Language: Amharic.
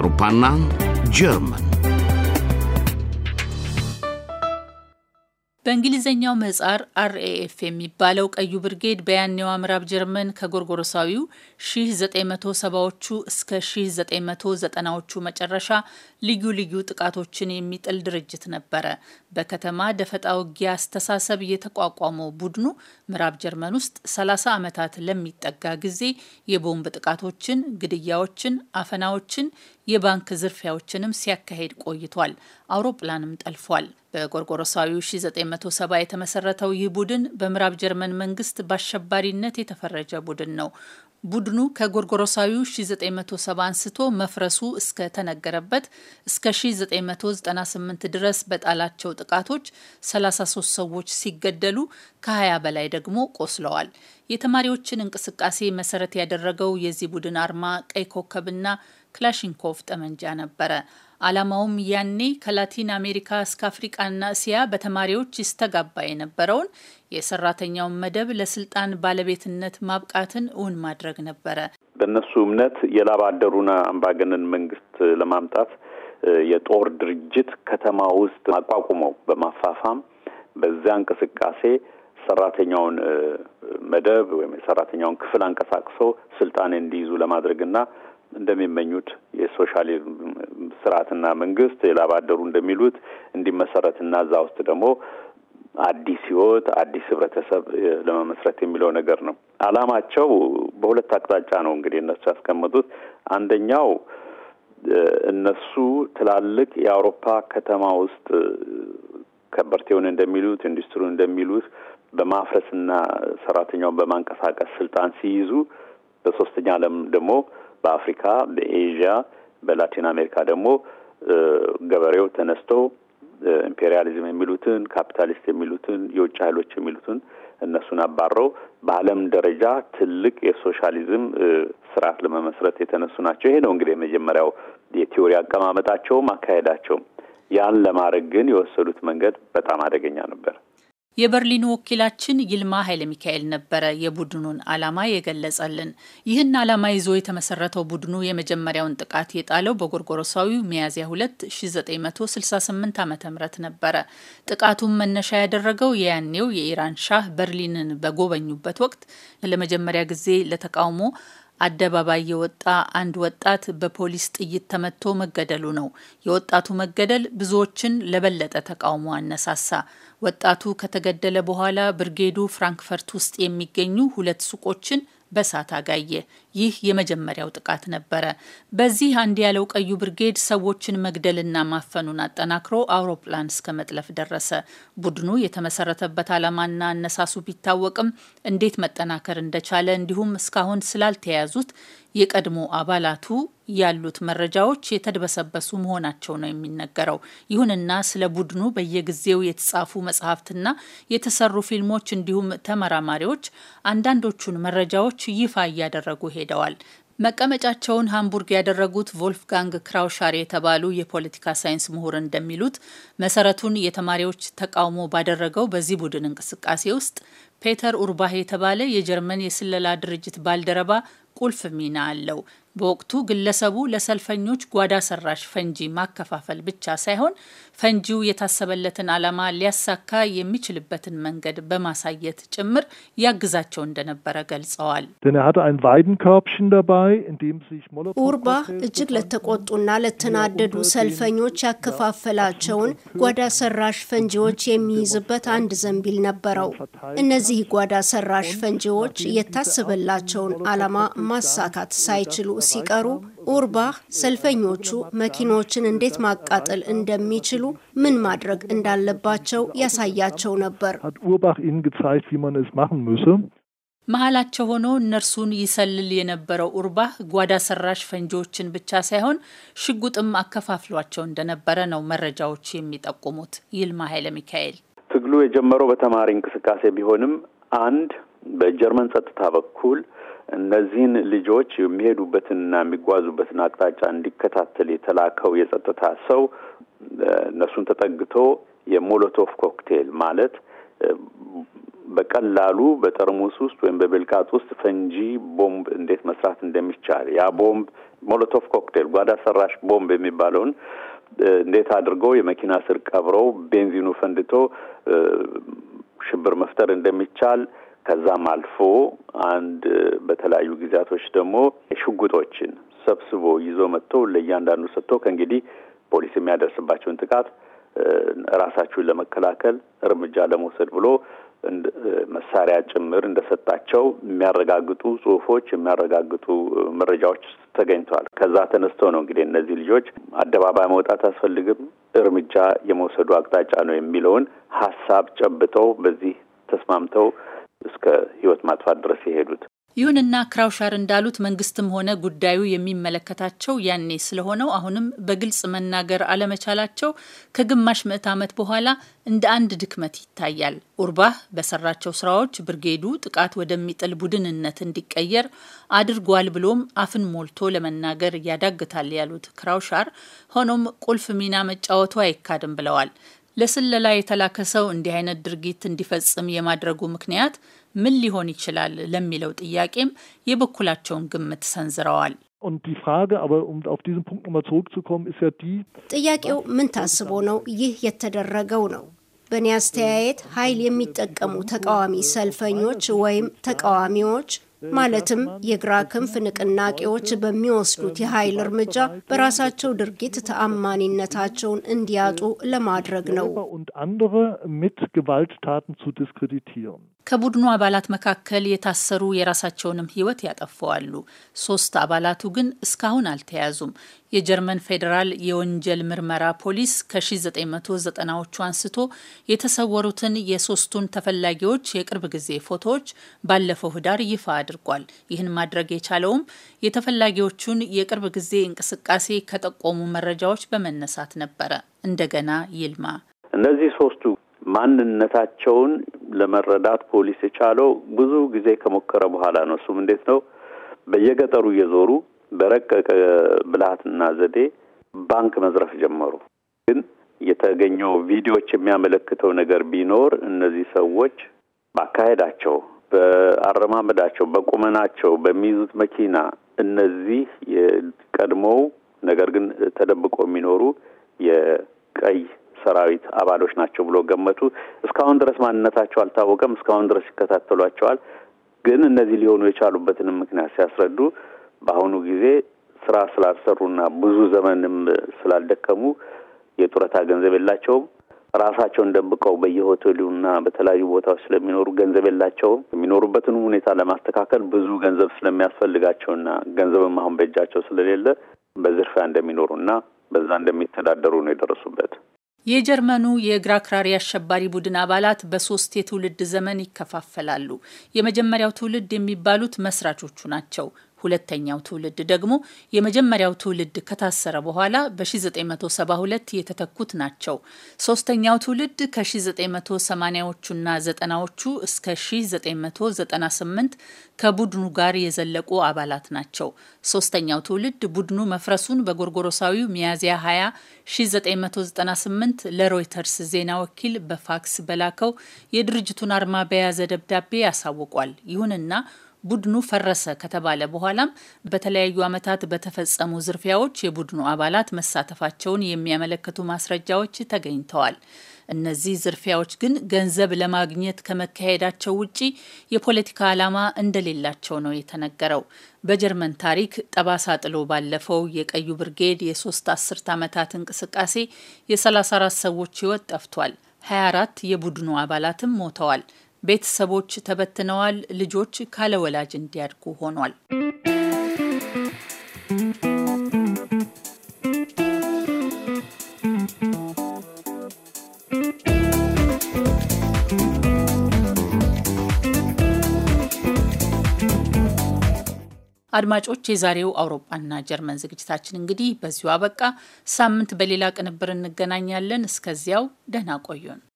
Rupanang, Jerman. በእንግሊዝኛው ምህጻር አርኤኤፍ የሚባለው ቀዩ ብርጌድ በያኔዋ ምዕራብ ጀርመን ከጎርጎሮሳዊው 1970ዎቹ እስከ 1990ዎቹ መጨረሻ ልዩ ልዩ ጥቃቶችን የሚጥል ድርጅት ነበረ። በከተማ ደፈጣ ውጊያ አስተሳሰብ የተቋቋመው ቡድኑ ምዕራብ ጀርመን ውስጥ 30 ዓመታት ለሚጠጋ ጊዜ የቦምብ ጥቃቶችን፣ ግድያዎችን፣ አፈናዎችን፣ የባንክ ዝርፊያዎችንም ሲያካሄድ ቆይቷል። አውሮፕላንም ጠልፏል። በጎርጎሮሳዊው 1970 የተመሰረተው ይህ ቡድን በምዕራብ ጀርመን መንግስት በአሸባሪነት የተፈረጀ ቡድን ነው። ቡድኑ ከጎርጎሮሳዊው 1970 አንስቶ መፍረሱ እስከ ተነገረበት፣ እስከ 1998 ድረስ በጣላቸው ጥቃቶች 33 ሰዎች ሲገደሉ ከ20 በላይ ደግሞ ቆስለዋል። የተማሪዎችን እንቅስቃሴ መሰረት ያደረገው የዚህ ቡድን አርማ ቀይ ኮከብና ክላሽንኮቭ ጠመንጃ ነበረ። ዓላማውም ያኔ ከላቲን አሜሪካ እስከ አፍሪቃና እስያ በተማሪዎች ይስተጋባ የነበረውን የሰራተኛውን መደብ ለስልጣን ባለቤትነት ማብቃትን እውን ማድረግ ነበረ። በእነሱ እምነት የላብ አደሩን አምባገነን መንግስት ለማምጣት የጦር ድርጅት ከተማ ውስጥ ማቋቁመው በማፋፋም በዚያ እንቅስቃሴ ሰራተኛውን መደብ ወይም የሰራተኛውን ክፍል አንቀሳቅሰው ስልጣን እንዲይዙ ለማድረግና እንደሚመኙት የሶሻሊዝም ስርዓትና መንግስት ላባደሩ እንደሚሉት እንዲመሰረትና እዛ ውስጥ ደግሞ አዲስ ህይወት፣ አዲስ ህብረተሰብ ለመመስረት የሚለው ነገር ነው። አላማቸው በሁለት አቅጣጫ ነው እንግዲህ እነሱ ያስቀመጡት። አንደኛው እነሱ ትላልቅ የአውሮፓ ከተማ ውስጥ ከበርቴውን እንደሚሉት ኢንዱስትሪውን እንደሚሉት በማፍረስና ሰራተኛውን በማንቀሳቀስ ስልጣን ሲይዙ በሶስተኛ ዓለም ደግሞ በአፍሪካ፣ በኤዥያ በላቲን አሜሪካ ደግሞ ገበሬው ተነስቶ ኢምፔሪያሊዝም የሚሉትን ካፒታሊስት የሚሉትን የውጭ ኃይሎች የሚሉትን እነሱን አባረው በዓለም ደረጃ ትልቅ የሶሻሊዝም ስርዓት ለመመስረት የተነሱ ናቸው። ይሄ ነው እንግዲህ የመጀመሪያው የቲዎሪ አቀማመጣቸውም አካሄዳቸውም። ያን ለማድረግ ግን የወሰዱት መንገድ በጣም አደገኛ ነበር። የበርሊኑ ወኪላችን ይልማ ኃይለ ሚካኤል ነበረ የቡድኑን ዓላማ የገለጸልን። ይህን ዓላማ ይዞ የተመሰረተው ቡድኑ የመጀመሪያውን ጥቃት የጣለው በጎርጎሮሳዊው ሚያዝያ 2 1968 ዓ ም ነበረ። ጥቃቱን መነሻ ያደረገው የያኔው የኢራን ሻህ በርሊንን በጎበኙበት ወቅት ለመጀመሪያ ጊዜ ለተቃውሞ አደባባይ የወጣ አንድ ወጣት በፖሊስ ጥይት ተመቶ መገደሉ ነው። የወጣቱ መገደል ብዙዎችን ለበለጠ ተቃውሞ አነሳሳ። ወጣቱ ከተገደለ በኋላ ብርጌዱ ፍራንክፈርት ውስጥ የሚገኙ ሁለት ሱቆችን በሳት አጋየ። ይህ የመጀመሪያው ጥቃት ነበረ። በዚህ አንድ ያለው ቀዩ ብርጌድ ሰዎችን መግደልና ማፈኑን አጠናክሮ አውሮፕላን እስከ መጥለፍ ደረሰ። ቡድኑ የተመሰረተበት ዓላማና አነሳሱ ቢታወቅም እንዴት መጠናከር እንደቻለ እንዲሁም እስካሁን ስላልተያዙት የቀድሞ አባላቱ ያሉት መረጃዎች የተድበሰበሱ መሆናቸው ነው የሚነገረው። ይሁንና ስለ ቡድኑ በየጊዜው የተጻፉ መጽሐፍትና የተሰሩ ፊልሞች እንዲሁም ተመራማሪዎች አንዳንዶቹን መረጃዎች ይፋ እያደረጉ ሄደዋል። መቀመጫቸውን ሃምቡርግ ያደረጉት ቮልፍጋንግ ክራውሻር የተባሉ የፖለቲካ ሳይንስ ምሁር እንደሚሉት መሰረቱን የተማሪዎች ተቃውሞ ባደረገው በዚህ ቡድን እንቅስቃሴ ውስጥ ፔተር ኡርባህ የተባለ የጀርመን የስለላ ድርጅት ባልደረባ ቁልፍ ሚና አለው። በወቅቱ ግለሰቡ ለሰልፈኞች ጓዳ ሰራሽ ፈንጂ ማከፋፈል ብቻ ሳይሆን ፈንጂው የታሰበለትን ዓላማ ሊያሳካ የሚችልበትን መንገድ በማሳየት ጭምር ያግዛቸው እንደነበረ ገልጸዋል። er ኡርባ እጅግ ለተቆጡና ለተናደዱ ሰልፈኞች ያከፋፈላቸውን ጓዳ ሰራሽ ፈንጂዎች የሚይዝበት አንድ ዘንቢል ነበረው። እነዚህ ጓዳ ሰራሽ ፈንጂዎች የታሰበላቸውን ዓላማ ማሳካት ሳይችሉ ሲቀሩ ኡርባህ ሰልፈኞቹ መኪኖችን እንዴት ማቃጠል እንደሚችሉ ምን ማድረግ እንዳለባቸው ያሳያቸው ነበር። መሀላቸው ሆኖ እነርሱን ይሰልል የነበረው ኡርባህ ጓዳ ሰራሽ ፈንጂዎችን ብቻ ሳይሆን ሽጉጥም አከፋፍሏቸው እንደነበረ ነው መረጃዎች የሚጠቁሙት። ይልማ ኃይለ ሚካኤል ትግሉ የጀመረው በተማሪ እንቅስቃሴ ቢሆንም አንድ በጀርመን ጸጥታ በኩል እነዚህን ልጆች የሚሄዱበትንና የሚጓዙበትን አቅጣጫ እንዲከታተል የተላከው የጸጥታ ሰው እነሱን ተጠግቶ የሞሎቶቭ ኮክቴል ማለት በቀላሉ በጠርሙስ ውስጥ ወይም በብልቃጥ ውስጥ ፈንጂ ቦምብ እንዴት መስራት እንደሚቻል ያ ቦምብ ሞሎቶቭ ኮክቴል ጓዳ ሰራሽ ቦምብ የሚባለውን እንዴት አድርገው የመኪና ስር ቀብረው ቤንዚኑ ፈንድቶ ሽብር መፍጠር እንደሚቻል ከዛም አልፎ አንድ በተለያዩ ጊዜያቶች ደግሞ ሽጉጦችን ሰብስቦ ይዞ መጥቶ ለእያንዳንዱ ሰጥቶ ከእንግዲህ ፖሊስ የሚያደርስባቸውን ጥቃት ራሳችሁን ለመከላከል እርምጃ ለመውሰድ ብሎ መሳሪያ ጭምር እንደሰጣቸው የሚያረጋግጡ ጽሁፎች፣ የሚያረጋግጡ መረጃዎች ተገኝተዋል። ከዛ ተነስተው ነው እንግዲህ እነዚህ ልጆች አደባባይ መውጣት አስፈልግም እርምጃ የመውሰዱ አቅጣጫ ነው የሚለውን ሀሳብ ጨብጠው በዚህ ተስማምተው እስከ ህይወት ማጥፋት ድረስ የሄዱት። ይሁንና ክራውሻር እንዳሉት መንግስትም ሆነ ጉዳዩ የሚመለከታቸው ያኔ ስለሆነው አሁንም በግልጽ መናገር አለመቻላቸው ከግማሽ ምዕት ዓመት በኋላ እንደ አንድ ድክመት ይታያል። ኡርባህ በሰራቸው ስራዎች ብርጌዱ ጥቃት ወደሚጥል ቡድንነት እንዲቀየር አድርጓል ብሎም አፍን ሞልቶ ለመናገር ያዳግታል ያሉት ክራውሻር፣ ሆኖም ቁልፍ ሚና መጫወቱ አይካድም ብለዋል። ለስለላ የተላከ ሰው እንዲህ አይነት ድርጊት እንዲፈጽም የማድረጉ ምክንያት ምን ሊሆን ይችላል ለሚለው ጥያቄም የበኩላቸውን ግምት ሰንዝረዋል። um ጥያቄው ምን ታስቦ ነው ይህ የተደረገው ነው። በእኔ አስተያየት ኃይል የሚጠቀሙ ተቃዋሚ ሰልፈኞች ወይም ተቃዋሚዎች ማለትም የግራ ክንፍ ንቅናቄዎች በሚወስዱት የኃይል እርምጃ በራሳቸው ድርጊት ተአማኒነታቸውን እንዲያጡ ለማድረግ ነው። ከቡድኑ አባላት መካከል የታሰሩ የራሳቸውንም ሕይወት ያጠፈዋሉ። ሶስት አባላቱ ግን እስካሁን አልተያዙም። የጀርመን ፌዴራል የወንጀል ምርመራ ፖሊስ ከ1990ዎቹ አንስቶ የተሰወሩትን የሶስቱን ተፈላጊዎች የቅርብ ጊዜ ፎቶዎች ባለፈው ህዳር ይፋ አድርጓል። ይህን ማድረግ የቻለውም የተፈላጊዎቹን የቅርብ ጊዜ እንቅስቃሴ ከጠቆሙ መረጃዎች በመነሳት ነበረ። እንደገና ይልማ እነዚህ ሶስቱ ማንነታቸውን ለመረዳት ፖሊስ የቻለው ብዙ ጊዜ ከሞከረ በኋላ ነው። እሱም እንዴት ነው? በየገጠሩ እየዞሩ በረቀቀ ብልሃትና ዘዴ ባንክ መዝረፍ ጀመሩ። ግን የተገኘው ቪዲዮዎች የሚያመለክተው ነገር ቢኖር እነዚህ ሰዎች ባካሄዳቸው፣ በአረማመዳቸው፣ በቁመናቸው፣ በሚይዙት መኪና እነዚህ የቀድሞው ነገር ግን ተደብቆ የሚኖሩ ሰራዊት አባሎች ናቸው ብሎ ገመቱ። እስካሁን ድረስ ማንነታቸው አልታወቀም። እስካሁን ድረስ ይከታተሏቸዋል። ግን እነዚህ ሊሆኑ የቻሉበትንም ምክንያት ሲያስረዱ በአሁኑ ጊዜ ስራ ስላልሰሩና ብዙ ዘመንም ስላልደከሙ የጡረታ ገንዘብ የላቸውም። ራሳቸውን ደብቀው በየሆቴሉና በተለያዩ ቦታዎች ስለሚኖሩ ገንዘብ የላቸውም። የሚኖሩበትን ሁኔታ ለማስተካከል ብዙ ገንዘብ ስለሚያስፈልጋቸውና ገንዘብም አሁን በእጃቸው ስለሌለ በዝርፊያ እንደሚኖሩና በዛ እንደሚተዳደሩ ነው የደረሱበት። የጀርመኑ የእግራ አክራሪ አሸባሪ ቡድን አባላት በሶስት የትውልድ ዘመን ይከፋፈላሉ። የመጀመሪያው ትውልድ የሚባሉት መስራቾቹ ናቸው። ሁለተኛው ትውልድ ደግሞ የመጀመሪያው ትውልድ ከታሰረ በኋላ በ1972 የተተኩት ናቸው። ሶስተኛው ትውልድ ከ1980ዎቹና 9 ዎቹ እስከ 1998 ከቡድኑ ጋር የዘለቁ አባላት ናቸው። ሶስተኛው ትውልድ ቡድኑ መፍረሱን በጎርጎሮሳዊው ሚያዝያ 20 1998 ለሮይተርስ ዜና ወኪል በፋክስ በላከው የድርጅቱን አርማ በያዘ ደብዳቤ ያሳውቋል ይሁንና ቡድኑ ፈረሰ ከተባለ በኋላም በተለያዩ ዓመታት በተፈጸሙ ዝርፊያዎች የቡድኑ አባላት መሳተፋቸውን የሚያመለክቱ ማስረጃዎች ተገኝተዋል። እነዚህ ዝርፊያዎች ግን ገንዘብ ለማግኘት ከመካሄዳቸው ውጪ የፖለቲካ ዓላማ እንደሌላቸው ነው የተነገረው። በጀርመን ታሪክ ጠባሳ ጥሎ ባለፈው የቀዩ ብርጌድ የሶስት አስርት ዓመታት እንቅስቃሴ የ34 ሰዎች ህይወት ጠፍቷል። 24 የቡድኑ አባላትም ሞተዋል። ቤተሰቦች ተበትነዋል። ልጆች ካለ ወላጅ እንዲያድጉ ሆኗል። አድማጮች፣ የዛሬው አውሮፓና ጀርመን ዝግጅታችን እንግዲህ በዚሁ አበቃ። ሳምንት በሌላ ቅንብር እንገናኛለን። እስከዚያው ደህና ቆዩን።